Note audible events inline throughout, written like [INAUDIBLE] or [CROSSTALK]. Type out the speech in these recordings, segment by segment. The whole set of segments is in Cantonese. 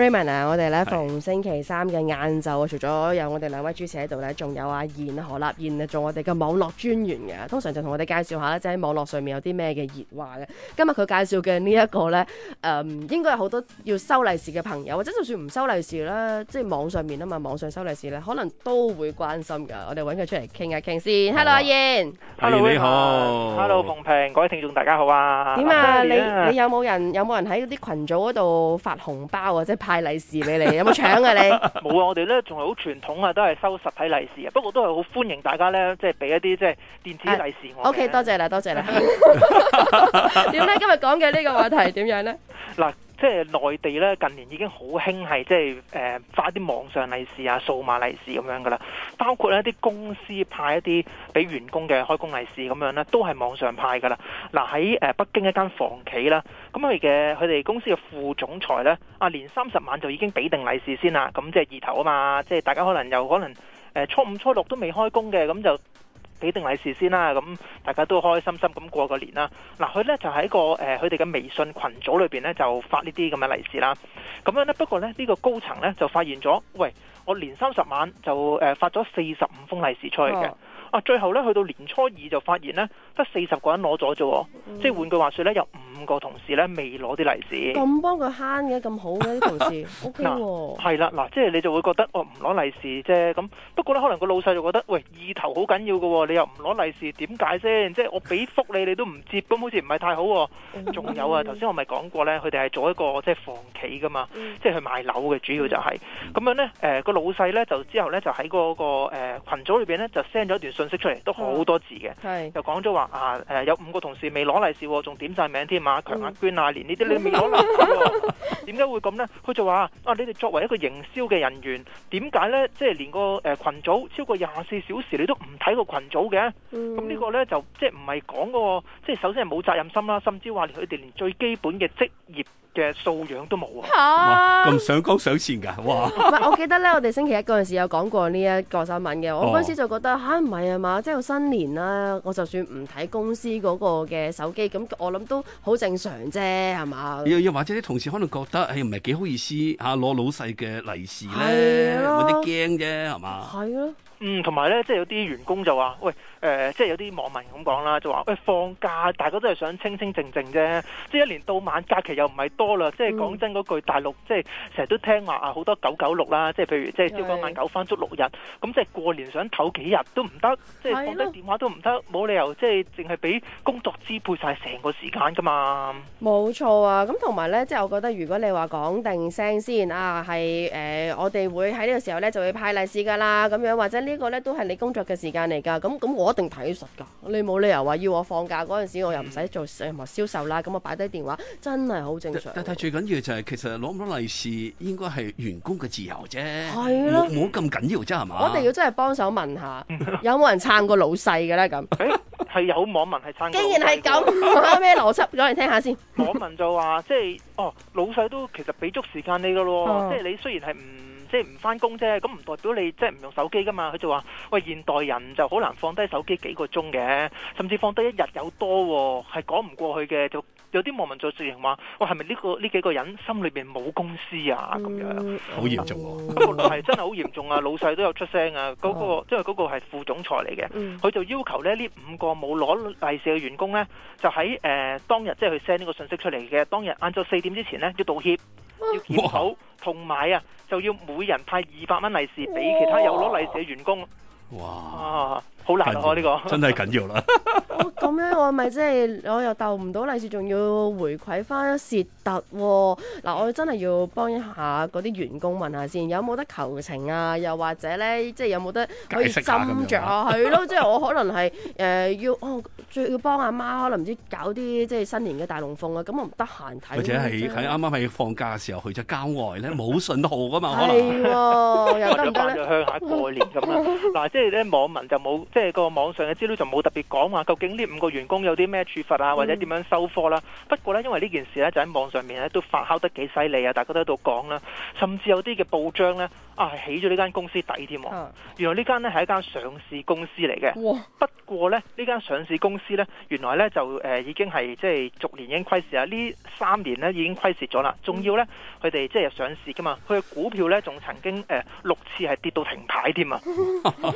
Raymond 啊，我哋咧逢星期三嘅晏晝啊，除咗有我哋兩位主持喺度咧，仲有阿、啊、彥何立彥做我哋嘅網絡專員嘅，通常就同我哋介紹下咧，即、就、喺、是、網絡上面有啲咩嘅熱話嘅。今日佢介紹嘅呢一個咧，誒、嗯，應該有好多要收利是嘅朋友，或者就算唔收利、就是啦，即係網上面啊嘛，網上收利是咧，可能都會關心噶。我哋揾佢出嚟傾下傾先。Hello 阿彥，Hello 你好、啊、，Hello 馮平，各位聽眾大家好啊。點啊？你你有冇人、啊、有冇人喺啲群組嗰度發紅包啊？或者派利是俾你，你有冇搶啊你？冇啊，我哋咧仲係好傳統啊，都係收實體利是啊。不過都係好歡迎大家咧，即係俾一啲即係電子利是、啊、我。OK，多謝啦，多謝啦。點 [LAUGHS] 咧？ [LAUGHS] 今日講嘅呢個話題點樣咧？嗱，即係內地咧，近年已經好興係即係誒發啲網上利是啊，數碼利是咁樣噶啦。包括一啲公司派一啲俾員工嘅開工利是咁樣咧，都係網上派噶啦。嗱喺誒北京一間房企啦，咁佢嘅佢哋公司嘅副總裁咧啊，年三十晚就已經俾定利是先啦。咁即係二頭啊嘛，即係大家可能又可能誒初五初六都未開工嘅，咁就。俾定利是先啦，咁大家都開開心心咁過個年啦。嗱、啊，佢呢就喺個誒佢哋嘅微信群組裏邊呢，就發呢啲咁嘅利是啦。咁樣呢，不過呢，呢、這個高層呢，就發現咗，喂，我年三十晚就誒發咗四十五封利是出去嘅、哦。啊，最後呢，去到年初二就發現呢，得四十個人攞咗啫，即係換句話説呢，又唔。五個同事咧未攞啲利是，咁幫佢慳嘅，咁好嘅、啊、啲同事，O K 喎。係 [LAUGHS] 啦、okay 哦，嗱、啊啊，即係你就會覺得，我唔攞利是啫。咁不，不過咧，可能個老細就覺得，喂，意頭好緊要嘅喎、哦，你又唔攞利是，點解先？即係我俾福利你，你都唔接咁，好似唔係太好、哦。仲 [LAUGHS] 有啊，頭先我咪講過咧，佢哋係做一個即係房企嘅嘛， [LAUGHS] 即係去賣樓嘅主要就係、是、咁樣呢，誒、呃、個老細咧就之後咧就喺嗰、那個、呃、羣組裏邊咧就 send 咗一段信息出嚟，都好多字嘅，又講咗話啊誒、呃、有五個同事未攞利是，仲點晒名添。啊，強、啊娟、啊，啊連呢啲你都唔講啦？點解會咁呢？佢就話：啊，你哋作為一個營銷嘅人員，點解呢？即係連個誒羣、呃、組超過廿四小時，你都唔睇個群組嘅？咁、嗯、呢個呢，就即係唔係講個即係首先係冇責任心啦，甚至話佢哋連最基本嘅職業嘅素養都冇啊，咁上綱上線㗎，哇，想想哇！我記得咧，我哋星期一嗰陣時有講過呢一個新聞嘅，我嗰時就覺得吓，唔、哦、係啊嘛，即係、就是、新年啦，我就算唔睇公司嗰個嘅手機，咁我諗都好正常啫，係嘛？又又或者啲同事可能覺得，誒唔係幾好意思嚇攞、啊、老細嘅利是咧、啊，有啲驚啫，係嘛？嗯，同埋咧，即係有啲員工就話，喂，呃、即係有啲網民咁講啦，就話，喂、哎，放假大家都係想清清靜靜啫，即係一年到晚假期又唔係多啦，即係講真嗰句、嗯，大陸即係成日都聽話啊，好多九九六啦，即係譬如即係朝九晚九返足六日，咁即係過年想唞幾日都唔得，即係放低電話都唔得，冇理由即係淨係俾工作支配晒成個時間噶嘛。冇錯啊，咁同埋咧，即係我覺得如果你話講定聲先啊，係、呃、我哋會喺呢個時候咧就會派利是噶啦，咁樣或者呢？這個、呢個咧都係你工作嘅時間嚟噶，咁咁我一定睇實噶，你冇理由話要我放假嗰陣時候我又唔使做任何銷售啦，咁我擺低電話真係好正常。但係最緊要就係其實攞唔攞利是應該係員工嘅自由啫，係咯，冇咁緊要啫係嘛。我哋要真係幫手問一下 [LAUGHS] 有冇人撐過老細嘅咧咁。係有網民係撐。竟然係咁，咩邏輯講嚟聽下先？網民就話即係，哦，老細都其實俾足時間你噶咯，即係你雖然係唔。即係唔返工啫，咁唔代表你即係唔用手機㗎嘛？佢就話：喂，現代人就好難放低手機幾個鐘嘅，甚至放低一日有多、喎，係講唔過去嘅。就有啲網民在形容話：哇，係咪呢個呢幾個人心裏邊冇公司啊？咁樣好嚴重喎，係、嗯嗯嗯嗰個嗯、真係好嚴重啊！ [LAUGHS] 老細都有出聲啊，嗰、嗰個、啊、因為嗰個係副總裁嚟嘅，佢就要求咧呢這五個冇攞利是嘅員工咧，就喺誒、呃、當日即係佢 send 呢個信息出嚟嘅當日晏晝四點之前咧要道歉。要檢討，同埋啊，就要每人派二百蚊利是俾其他有攞利是嘅員工。哇！好難喎、啊、呢、呢個，真係緊要啦。 [LAUGHS] 咁、 [LAUGHS] 啊、樣我咪即係我又鬥唔到利是，仲要回饋翻蝕突喎。嗱、哦啊，我真係要幫一下嗰啲員工問一下先，有冇得求情啊？又或者咧，即係有冇得可以斟酌下去下 [LAUGHS] 啊？係咯，即係我可能係誒、呃、要哦、啊，最要幫阿媽，媽可能唔知搞啲即係新年嘅大龍鳳啊。咁我唔得閒睇，或者係喺啱啱喺放假嘅時候去咗郊外咧，冇 [LAUGHS] 信號噶嘛，可能或者返咗鄉下過年咁啦。嗱，即係咧網民就冇即係個網上嘅資料就冇特別講話究竟。呢五個員工有啲咩處罰啊，或者點樣收科啦、啊嗯？不過呢，因為呢件事呢，就喺網上面呢都發酵得幾犀利啊，大家都喺度講啦，甚至有啲嘅報章呢，啊，起咗呢間公司底添喎。原來呢間呢係一間上市公司嚟嘅。哇！不過呢，呢間上市公司呢，原來呢就誒、呃、已經係即係逐年已經虧蝕啊，呢三年呢已經虧蝕咗啦。仲要呢，佢、嗯、哋即係上市㗎嘛，佢嘅股票呢，仲曾經誒、呃、六次係跌到停牌添啊。 [LAUGHS]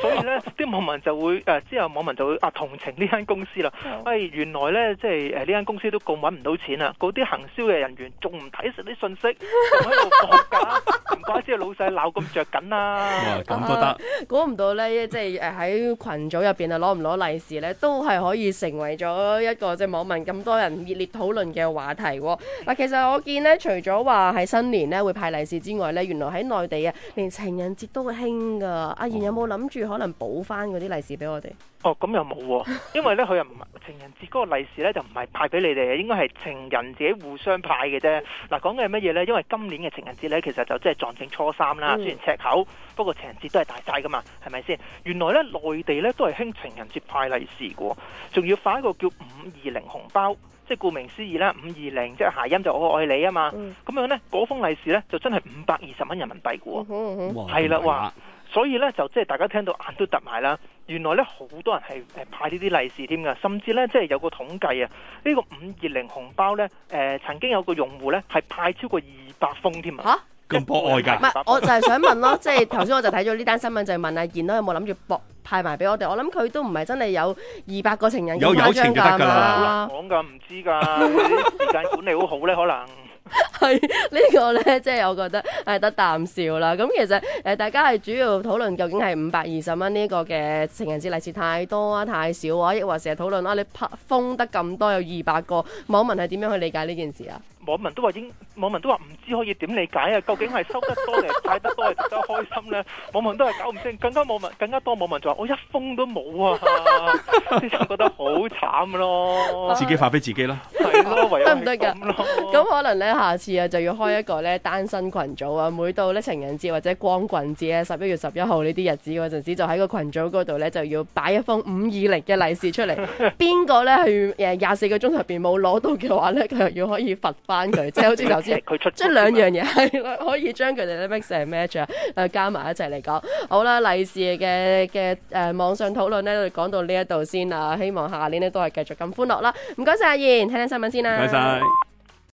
所以呢，啲網民就會誒、呃、之後網民就會啊同情呢間公司。啦，喂，原來咧即係誒呢間公司都夠搵唔到錢啦，嗰啲行銷嘅人員仲唔睇實啲信息，仲喺度講假，唔 [LAUGHS] 怪之老細鬧咁着緊啦。咁都得。估唔到咧，即係誒喺群組入邊啊，攞唔攞利是咧，都係可以成為咗一個即係網民咁多人熱烈討論嘅話題。嗱、啊，其實我見咧，除咗話喺新年咧會派利是之外咧，原來喺內地啊，連情人節都會興噶。阿賢有冇諗住可能補翻嗰啲利是俾我哋？哦、啊，咁又冇，因為咧 [LAUGHS] 又唔係情人節嗰個利是咧，就唔係派俾你哋，應該係情人自己互相派嘅啫。嗱，講嘅係乜嘢咧？因為今年嘅情人節咧，其實就即係撞正初三啦，嗯。雖然赤口，不過情人節都係大晒噶嘛，係咪先？原來咧內地咧都係興情人節派利是嘅，仲要發一個叫五二零紅包，即係顧名思義啦，五二零即係諧音就我愛你啊嘛。咁樣咧，嗰封利是咧就真係五百二十蚊人民幣嘅喎，係啦，哇！所以咧就即係大家聽到眼都突埋啦，原來咧好多人係派呢啲利是添噶，甚至咧即係有個統計啊，呢、呢個五二零紅包咧、呃、曾經有個用戶咧係派超過二百封添啊嚇，咁博愛㗎，唔係我就係想問咯。 [LAUGHS] 即係頭先我就睇咗呢單新聞就係問阿賢啦，有冇諗住博派埋俾我哋？我諗佢都唔係真係有二百個情人有派張㗎，講噶唔知㗎，時 [LAUGHS] 間管理好好咧可能。係 [LAUGHS] 呢、這個呢，即係我覺得係得啖笑啦。咁其實誒，大家係主要討論究竟係五百二十蚊呢個嘅情人節利是太多啊，太少啊，亦或成日討論啊，你拍封得咁多有二百個網民係點樣去理解呢件事啊？網民都話應，網民都話唔知道可以點理解啊！究竟係收得多定係賺得多係得多開心咧？網民都係搞唔清，更加網民更加多網民就話：我一封都冇啊！即 [LAUGHS] 係覺得好慘咯。自己發俾自己咯，係 [LAUGHS] 咯，唯有唔咁咯。咁可能咧，下次啊就要開一個咧單身群組啊、嗯！每到咧情人節或者光棍節咧，十一月十一號呢啲日子嗰陣時，就喺個群組嗰度咧就要擺一封五二零嘅利是出嚟。邊 [LAUGHS] 個咧係誒廿四個鐘頭入邊冇攞到嘅話咧，佢又要可以罰翻 [LAUGHS] 即係好似頭先，佢出即係兩樣嘢係 [LAUGHS] 可以將佢哋咧 mix 嚟 match 加埋一齊嚟講。好啦，利是嘅嘅誒網上討論咧，講到呢一度先啦。希望下年咧都係繼續咁歡樂啦。唔該晒，阿燕，聽聽新聞先啦。拜拜。